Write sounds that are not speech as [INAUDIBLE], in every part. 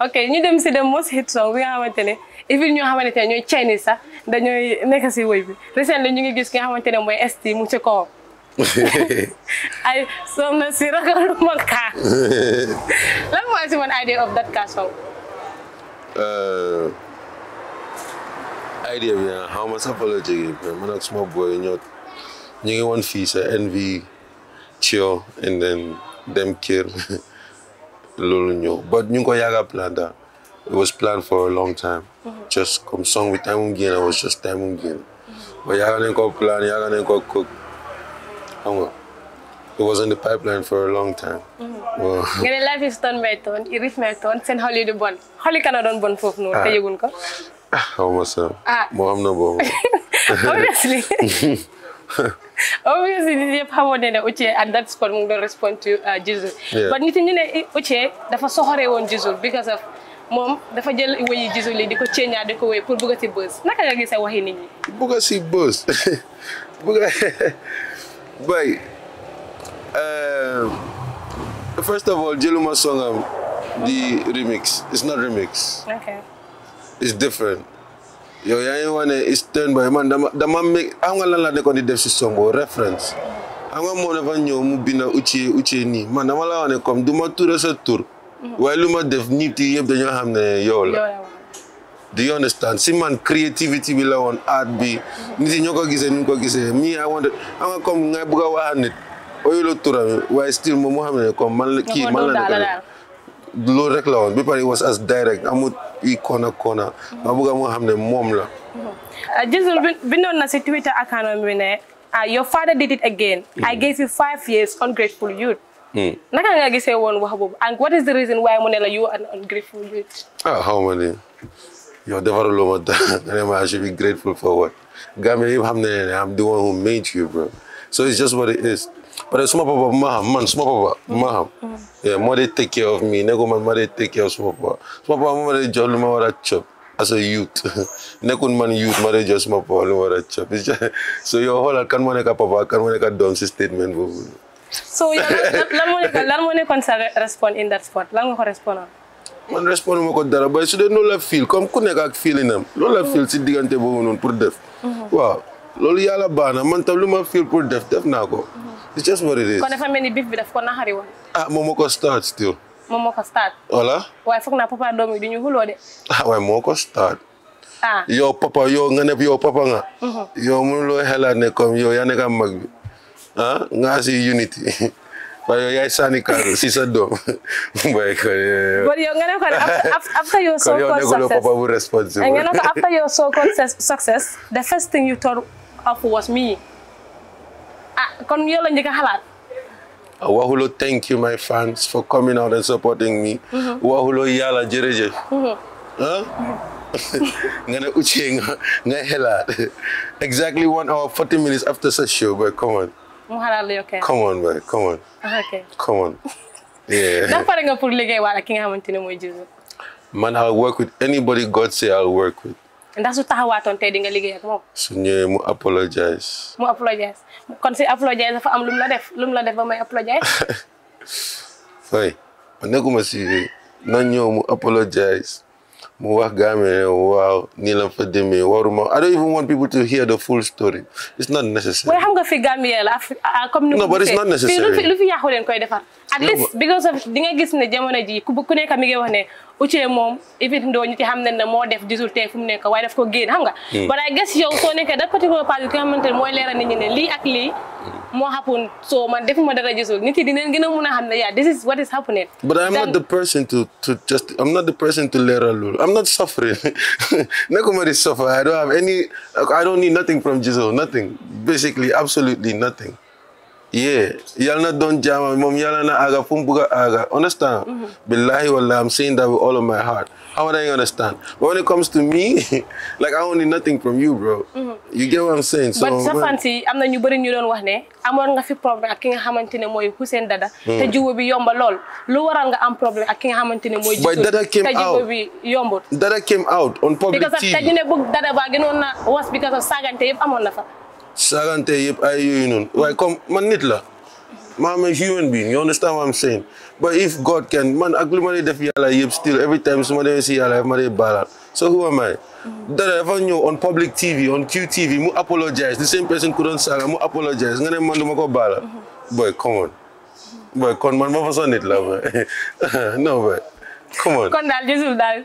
ok ñu dem si the most hit song bi nga xamante ne even ñoo xamante ne ñooy Chinese sax dañooy nekk si woy bi recently ñu ngi gis ki nga xamante ne mooy ST mu ci kawam [LAUGHS] ay soxna si ragalu ma kaa [LAUGHS] lan mooy si man idea of that car song uh, idea bi nag xaw ma sax fa la jógee man ak small boy ñoo ñu ngi woon fii sa NV Thio and then dem kër [LAUGHS] loolu ñëw but ñu ko yàgg plan daal it was planned for a long time just comme song bi time mu génn was just time mu génn but yàgg nañ ko plan yàgg nañ ko cook xam nga it was in the pipeline for a long time mm-hmm. nga ne life is turn by turn it is my turn seen xol bon xol kana doon bon foofu noonu te ah. yëguñ ko ah xaw ma sa ah. moo am na boobu [LAUGHS] obviously [LAUGHS] [LAUGHS] obviously li yëpp xamoon ne ne Uche at that school mu ngi doon respond to uh, Jizzle but nit ñi ne Uche dafa soxoree woon Jizzle because of moom dafa jël wéyi Jizzle yi di ko ceeñaa di ko wéy pour bëgg si bës naka nga gisa waxi nit ñi bëgg si bës bëgg bay first of all jëluma songam um, di remix it's not remix okay it's different yow yaa ngi wane Stone Boy man dama dama mi xam ah, nga lan la nekkoon di def si songo référence xam ah, nga moo dafa ñëw mu binda Uche Uche nii man dama la wane comme duma ma ture sa tur. Mhm. waaye lu ma def nit yi yëpp dañoo xam ne yow la. do you understand si man creativity bi la woon art bi mhm. nit yi ko gisee ñu ko gisee mii I want xam ah, nga comme nga bëgg a wax nit still moom moo xam ne comme man la kii man la nekk loolu rek la woon bi pare was as direct i koona koona ma bëgg a moo xam ne moom la uh, Jizzle bindoon na si Twitter account uh, your father did it again I mm. gave you five years ungrateful youth mm. naka nga gisee woon wax boobu and what is the reason why mu you an ungrateful youth ah xaw ma ni yow defaraloo ma dara nga ne ma I should be grateful for what Gambia yëpp xam ne am the one who made you bro so it's just what it is parce que suma papa bu ma xam man suma papa bu ma xam. moo de take care of me suma papa suma papa moo de jox lu ma war a chop as a youth [LAUGHS] nekkul man youth moo de jox suma papa lu ma war a chop [LAUGHS] so yow xoolal kan moo nekk papa kan moo nekk doom si statement boobu. lan moo ko dara ba su dee loolu la feel comme ku nekk ak feelinam loolu la mm. feel si diggante boobu noonu pour def. Mm-hmm. waaw loolu yàlla man tam lu ma feel pour def def naa ko. it's just what it is. Kone dafa mel ni bi daf ko won. ah moom start still. Momo ko start. voilà. waaye foog na papa domi yi hulo ñu xuloo de. ah ko start. ah Yo papa yo nga ne papa nga. Mhm. Yo yow lo hela ne comme yo ya ne am mag nga si unity [LAUGHS] Ba yo yay sani kàddu [LAUGHS] si sa [LAUGHS] Ba yo kon yow nga ne ko after your so called success Yo yow papa bu responsible. Eh, nga ko after your so called success the first thing you thought of was me. ah kon yow la njëkk a ah, thank you my fans for coming out and supporting me. Mm-hmm. waxuloo yàlla jërëjëf. Mm-hmm. [LAUGHS] nga ne Uche nga nga exactly one hour minutes after sa show boy come on. mu xalaat la come on boy come ah, [LAUGHS] pare nga pour liggéey wala ki nga xamante ne mooy Jizzle. man I'll work with anybody God say I'll work with. ndax su taxawaatoon tey di nga liggéey ak moom. su ñëwee mu apologize. mu apologize kon si apologize dafa am lu mu la def lu la def ba may apologize. [LAUGHS] fay ma nekkuma si na ñëw mu apologize. mu wax Gamé waaw nii la fa demee waruma I don't even want people to hear the full story it's not necessary. wala xam nga fi Gambie la ah, comme ni lu fi lu fi defar. at least because of di gis ne jamono ji ku mi ngi wax moom évite ndoo ñu ci xam moo def gisul tey fu mu nekk daf ko génn xam nga. Hmm. but I guess yow soo nekkee da particular mooy leeral nit ñi ne ak lii. Hmm. more happen. So man, definitely that I just niti dinen gina muna hamla. Yeah, this is what is happening. But I'm then, not the person to to just. I'm not the person to let her lose. I'm not suffering. [LAUGHS] Nakumari suffer. I don't have any. I don't need nothing from Jesus. Nothing. Basically, absolutely nothing. Yeah, y'all not done jam, mom, y'all not aga, pumbuga aga. Understand? Mm -hmm. Billahi wallah, I'm saying that with all of my heart. How would I understand? But when it comes to me, [LAUGHS] like I don't need nothing from you, bro. Mm -hmm. You get what I'm saying? So, but sa i am new ñu bari ñu doon wax ne, amoon nga fi can't ki nga xamantene Who Hussein Dada, you will be yomba lol. Lower waral nga am problème I ki nga xamantene moy jiwu? But Dada came out. Te jiwu Dada came out on public because TV. Because i te ñu ne bëgg Dada ba gënon na was because of I'm on the fa. saagante yëpp ay yooyu noonu mm. waaye comme man nit la ma a human being you understand what I'm saying but if God can man ak lu ma dee def yàlla yëpp still every time su ma demee si yàlla ma dee baalaal so who am I mm. dara dafa ñëw on public TV on QTV mu apologize the same person ku doon saaga mu apologize nga ne man du ma ko baalaal mm-hmm. boy come on boy kon man ma façon nit la boy [LAUGHS] non boy come on kon daal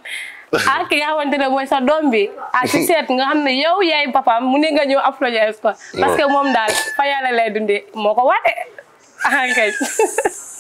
ah [LAUGHS] ki nga xamante ne mooy sa doom bi ah ci seet nga xam ne yow yaay papaam mu ne nga ñëw applaudir ko parce que moom daal fa yàlla lay dundee moo ko waate ah kay [LAUGHS]